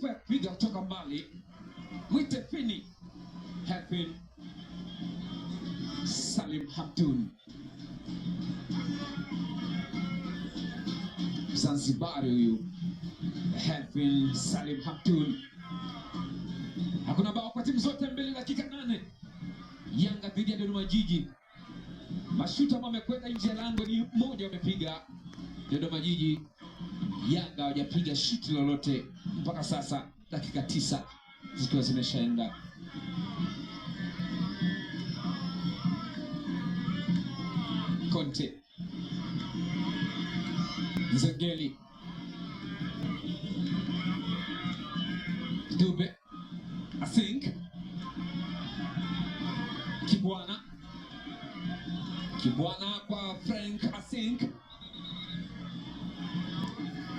sifa ya kutoka mbali, mwite Fini Helpin Salim Hamdun, Zanzibari huyu Helpin Salim Hamdun. Hakuna bao kwa timu zote mbili, dakika nane. Yanga dhidi ya Dodoma Jiji, mashuta ambao amekwenda nje ya lango ni moja, wamepiga Dodoma Jiji. Yanga hawajapiga shuti lolote mpaka sasa dakika tisa zikiwa zimeshaenda. Konte Zengeli Dube Asink Kibwana Kibwana kwa Frank Asink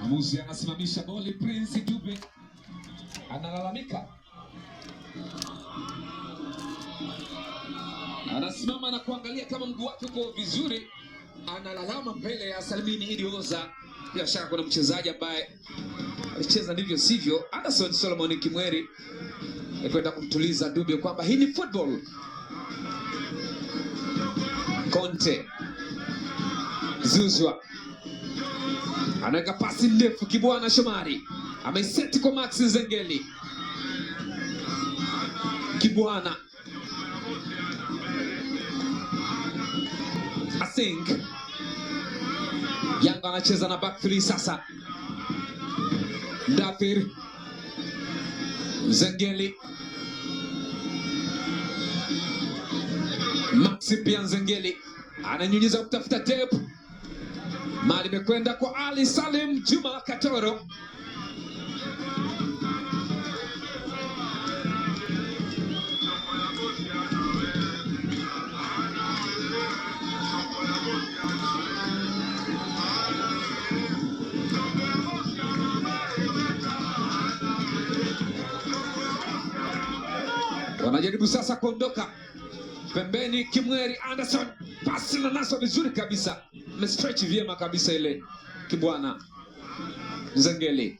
Mwamuzi anasimamisha boli. Prince Dube analalamika, anasimama na kuangalia kama mguu wake uko vizuri, analalama mbele ya salmini Idioza. Bila shaka kuna mchezaji ambaye alicheza ndivyo sivyo, Anderson Solomon Kimweri kwenda kumtuliza Dube kwamba hii ni football. Conte Zuzwa anaweka pasi ndefu Kibwana Shomari ameseti kwa Max Zengeli. Kibwana Asing Yanga anacheza na back three sasa. dafir Zengeli Maxi pia Zengeli ananyunyiza kutafuta tape na limekwenda kwa Ali Salim Juma Katoro. Wanajaribu sasa kuondoka pembeni, Kimweri Anderson, pasi na naso vizuri kabisa mmestretch vyema kabisa ile kibwana zengeli.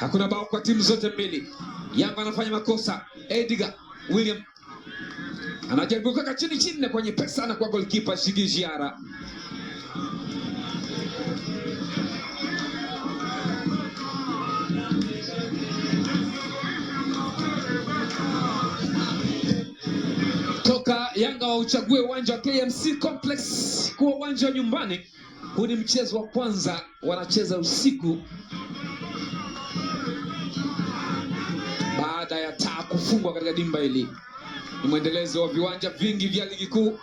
Hakuna bao kwa timu zote mbili. Yanga anafanya makosa. Edgar William anajaribu kuweka chini chini kwenye pesa na kwa goalkeeper Shigi Jiara. uchague uwanja wa KMC Complex kuwa uwanja wa nyumbani. Huu ni mchezo wa kwanza, wanacheza usiku baada ya taa kufungwa katika dimba hili. Ni mwendelezo wa viwanja vingi vya ligi kuu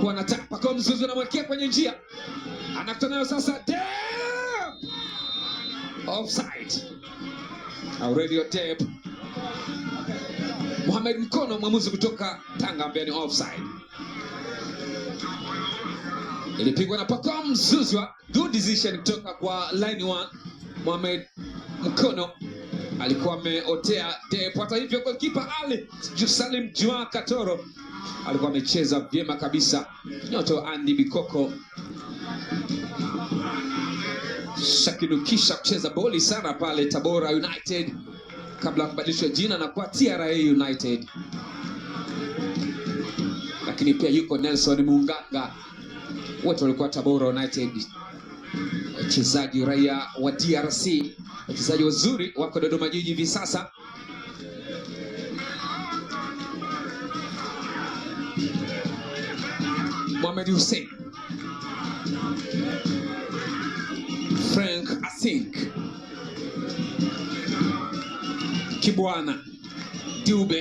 kuwa na taa. Pakao mzuzu anamwekea kwenye njia, anakutana nayo sasa. Offside. Aurelio Tep Mohamed Mkono mwamuzi kutoka Tanga ambaye ni offside. Ilipigwa na Pacome Zouzoua. Good decision kutoka kwa line one. Mohamed Mkono alikuwa ameotea tepu. Hata hivyo, kipa Ali Jusalim Jua Katoro alikuwa amecheza vyema kabisa, nyoto wa Andy Bikoko shakinukisha kucheza boli sana pale Tabora United kabla ya kubadilishwa jina na kuwa TRA United. Lakini pia yuko Nelson Munganga, wote walikuwa Tabora United, wachezaji raia wa DRC, wachezaji wazuri wako Dodoma Jiji hivi sasa. Mohamed Hussein, Frank Asink Bwana diwɓe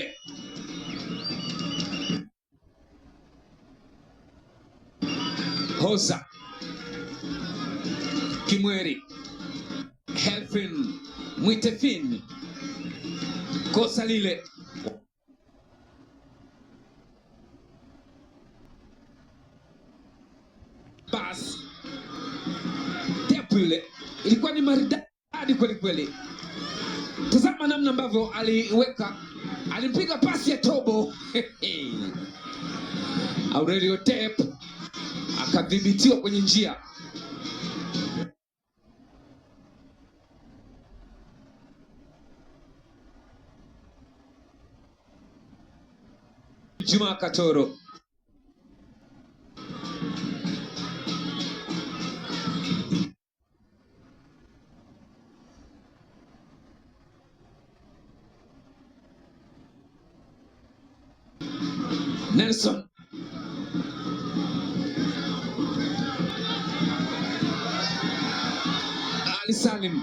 hosa kimweri helfin mwitefin kosa lile basi tepu ilikuwa ni maridadi kwelikweli. Tazama namna ambavyo aliweka, alimpiga pasi ya tobo Aurelio Tep akadhibitiwa kwenye njia. Juma Katoro Nelson Ali Salim,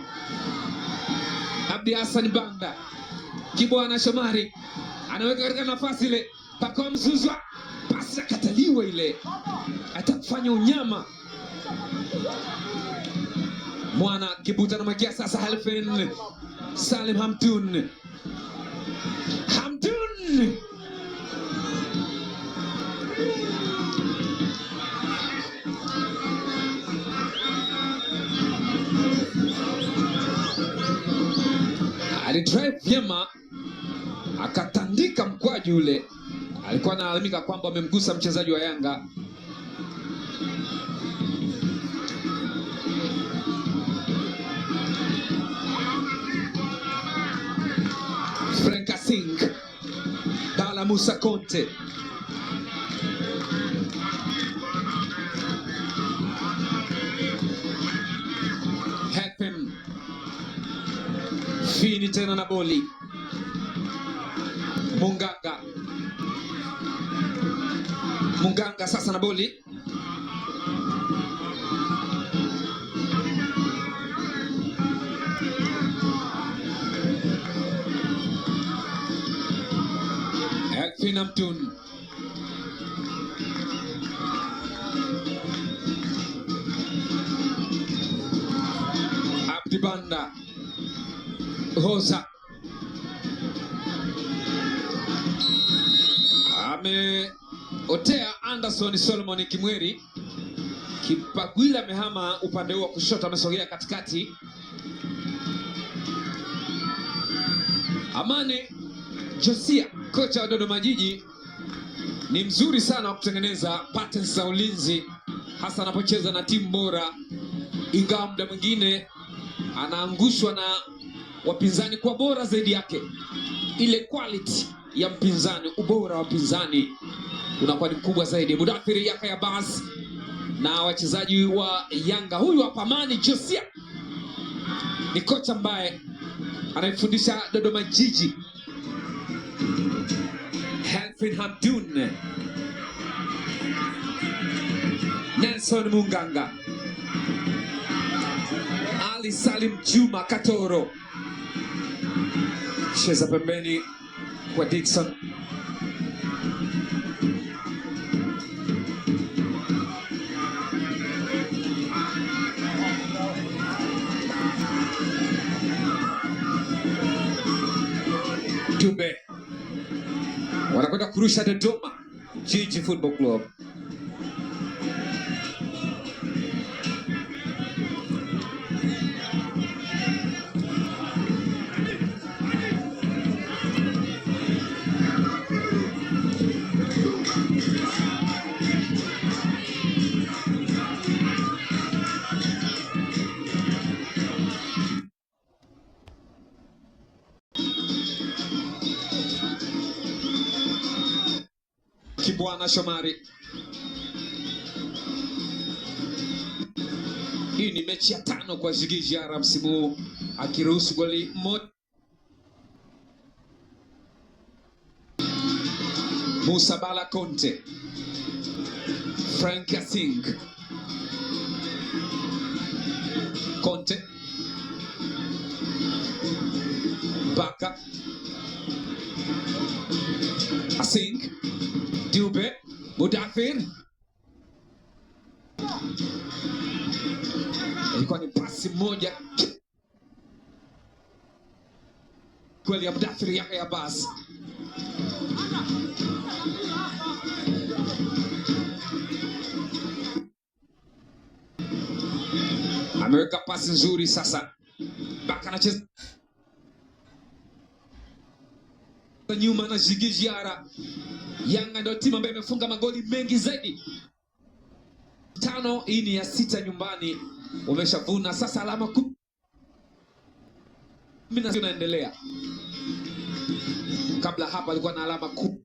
Abdi Hassan Banda, Kibwana Shomari anaweka katika nafasi ile, Pacome Mzuzwa. pasi akataliwa ile, atakufanya unyama mwana Kibuta na magia sasa, Halfen Salim Hamtun Hamtun alidrive vyema akatandika mkwaju ule. Alikuwa analalamika kwamba amemgusa mchezaji wa Yanga. Frank Dala Musa Conte Chini tena na boli Munganga, Munganga sasa na boli Ekfina Mtun Abdibanda Hosa ameotea Anderson Solomon Kimweri. Kipagwila amehama upande huu wa kushoto, amesogea katikati. Amani Josia, kocha wa Dodoma Jiji, ni mzuri sana wa kutengeneza patterns za ulinzi, hasa anapocheza na timu bora, ingawa muda mwingine anaangushwa na wapinzani kwa bora zaidi yake, ile quality ya mpinzani, ubora wa mpinzani unakuwa ni mkubwa zaidi. Mudathiri yaka ya bas na wachezaji wa Yanga, huyu hapa mani Josia ni kocha ambaye anayefundisha Dodoma Jiji. Helfin Hamdun, Nelson Munganga, Ali Salim Juma Katoro cheza pembeni kwa Dickson Dube wanakwenda kurusha Dodoma Jiji Football Club. Kibwana Shomari. Hii ni mechi ya tano kwa Jigi Jara msimu huu akiruhusu goli moja. Musa Bala Conte, Frank Asing, Conte, Baka, Asing Kafir. Ilikuwa ni pasi moja kweli ya Mdathiri Yahya Abbas ameweka pasi nzuri sasa, Baka anacheza nyuma na Ziggy Diarra Yanga ndio timu ambayo imefunga magoli mengi zaidi tano. Hii ni ya sita nyumbani, wameshavuna sasa alama kumi Mimi naendelea, Kabla hapa alikuwa na alama kumi.